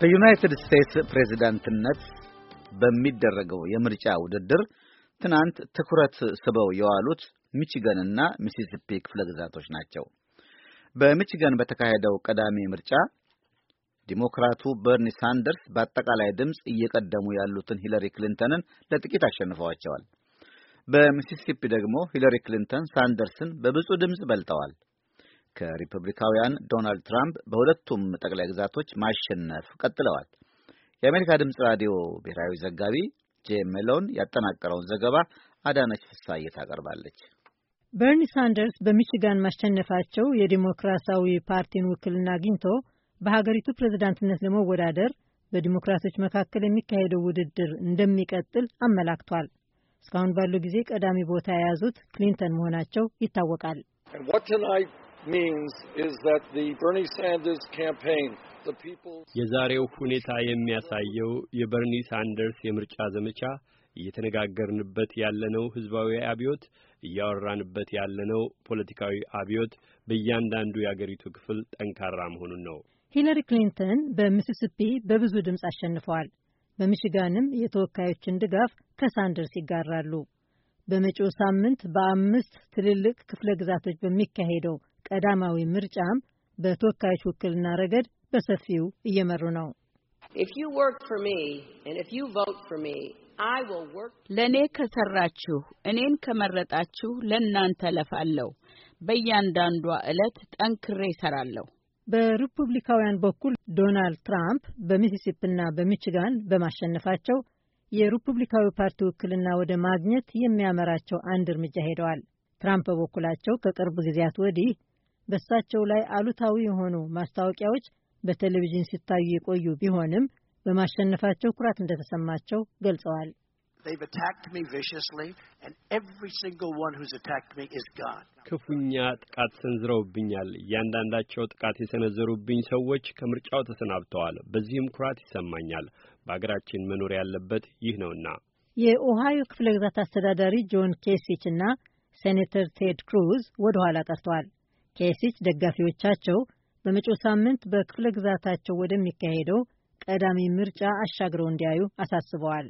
በዩናይትድ ስቴትስ ፕሬዝዳንትነት በሚደረገው የምርጫ ውድድር ትናንት ትኩረት ስበው የዋሉት ሚችገንና ሚሲሲፒ ክፍለ ግዛቶች ናቸው። በሚችገን በተካሄደው ቀዳሚ ምርጫ ዲሞክራቱ በርኒ ሳንደርስ በአጠቃላይ ድምፅ እየቀደሙ ያሉትን ሂለሪ ክሊንተንን ለጥቂት አሸንፈዋቸዋል። በሚሲሲፒ ደግሞ ሂለሪ ክሊንተን ሳንደርስን በብዙ ድምፅ በልጠዋል። ሪፐብሊካውያን ዶናልድ ትራምፕ በሁለቱም ጠቅላይ ግዛቶች ማሸነፍ ቀጥለዋል። የአሜሪካ ድምፅ ራዲዮ ብሔራዊ ዘጋቢ ጄ ሜሎን ያጠናቀረውን ዘገባ አዳነች ፍሳዬ ታቀርባለች። በርኒ ሳንደርስ በሚሽጋን ማሸነፋቸው የዲሞክራሲያዊ ፓርቲን ውክልና አግኝቶ በሀገሪቱ ፕሬዝዳንትነት ለመወዳደር በዲሞክራቶች መካከል የሚካሄደው ውድድር እንደሚቀጥል አመላክቷል። እስካሁን ባለው ጊዜ ቀዳሚ ቦታ የያዙት ክሊንተን መሆናቸው ይታወቃል። የዛሬው ሁኔታ የሚያሳየው የበርኒ ሳንደርስ የምርጫ ዘመቻ እየተነጋገርንበት ያለነው ህዝባዊ አብዮት፣ እያወራንበት ያለነው ፖለቲካዊ አብዮት በእያንዳንዱ የአገሪቱ ክፍል ጠንካራ መሆኑን ነው። ሂለሪ ክሊንተን በሚሲሲፒ በብዙ ድምፅ አሸንፈዋል። በሚሽጋንም የተወካዮችን ድጋፍ ከሳንደርስ ይጋራሉ። በመጪው ሳምንት በአምስት ትልልቅ ክፍለ ግዛቶች በሚካሄደው ቀዳማዊ ምርጫም በተወካዮች ውክልና ረገድ በሰፊው እየመሩ ነው። ለእኔ ከሰራችሁ እኔን ከመረጣችሁ ለእናንተ ለፋለሁ። በእያንዳንዷ ዕለት ጠንክሬ ይሰራለሁ። በሪፑብሊካውያን በኩል ዶናልድ ትራምፕ በሚሲሲፒና በሚችጋን በማሸነፋቸው የሪፑብሊካዊ ፓርቲ ውክልና ወደ ማግኘት የሚያመራቸው አንድ እርምጃ ሄደዋል። ትራምፕ በበኩላቸው ከቅርብ ጊዜያት ወዲህ በእሳቸው ላይ አሉታዊ የሆኑ ማስታወቂያዎች በቴሌቪዥን ሲታዩ የቆዩ ቢሆንም በማሸነፋቸው ኩራት እንደተሰማቸው ገልጸዋል። ክፉኛ ጥቃት ሰንዝረውብኛል። እያንዳንዳቸው ጥቃት የሰነዘሩብኝ ሰዎች ከምርጫው ተሰናብተዋል። በዚህም ኩራት ይሰማኛል። በሀገራችን መኖር ያለበት ይህ ነውና። የኦሃዮ ክፍለ ግዛት አስተዳዳሪ ጆን ኬሲች እና ሴኔተር ቴድ ክሩዝ ወደ ኋላ ቀርተዋል። ኬሲች ደጋፊዎቻቸው በመጪው ሳምንት በክፍለ ግዛታቸው ወደሚካሄደው ቀዳሚ ምርጫ አሻግረው እንዲያዩ አሳስበዋል።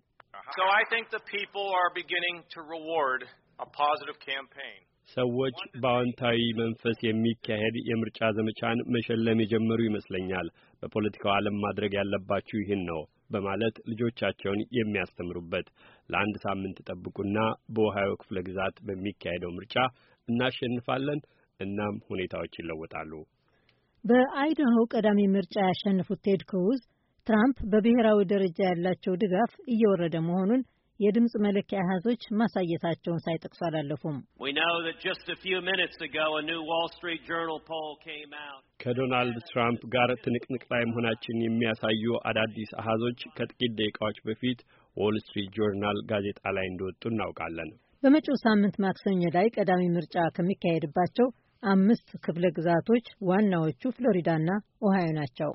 ሰዎች በአዎንታዊ መንፈስ የሚካሄድ የምርጫ ዘመቻን መሸለም የጀመሩ ይመስለኛል። በፖለቲካው ዓለም ማድረግ ያለባችሁ ይህን ነው በማለት ልጆቻቸውን የሚያስተምሩበት ለአንድ ሳምንት ጠብቁና በኦሃዮ ክፍለ ግዛት በሚካሄደው ምርጫ እናሸንፋለን እናም ሁኔታዎች ይለወጣሉ። በአይዳሆ ቀዳሚ ምርጫ ያሸነፉት ቴድ ክሩዝ ትራምፕ በብሔራዊ ደረጃ ያላቸው ድጋፍ እየወረደ መሆኑን የድምፅ መለኪያ አሃዞች ማሳየታቸውን ሳይጠቅሱ አላለፉም። ከዶናልድ ትራምፕ ጋር ትንቅንቅ ላይ መሆናችን የሚያሳዩ አዳዲስ አሃዞች ከጥቂት ደቂቃዎች በፊት ዎል ስትሪት ጆርናል ጋዜጣ ላይ እንደወጡ እናውቃለን። በመጪው ሳምንት ማክሰኞ ላይ ቀዳሚ ምርጫ ከሚካሄድባቸው አምስት ክፍለ ግዛቶች ዋናዎቹ ፍሎሪዳና ኦሃዮ ናቸው።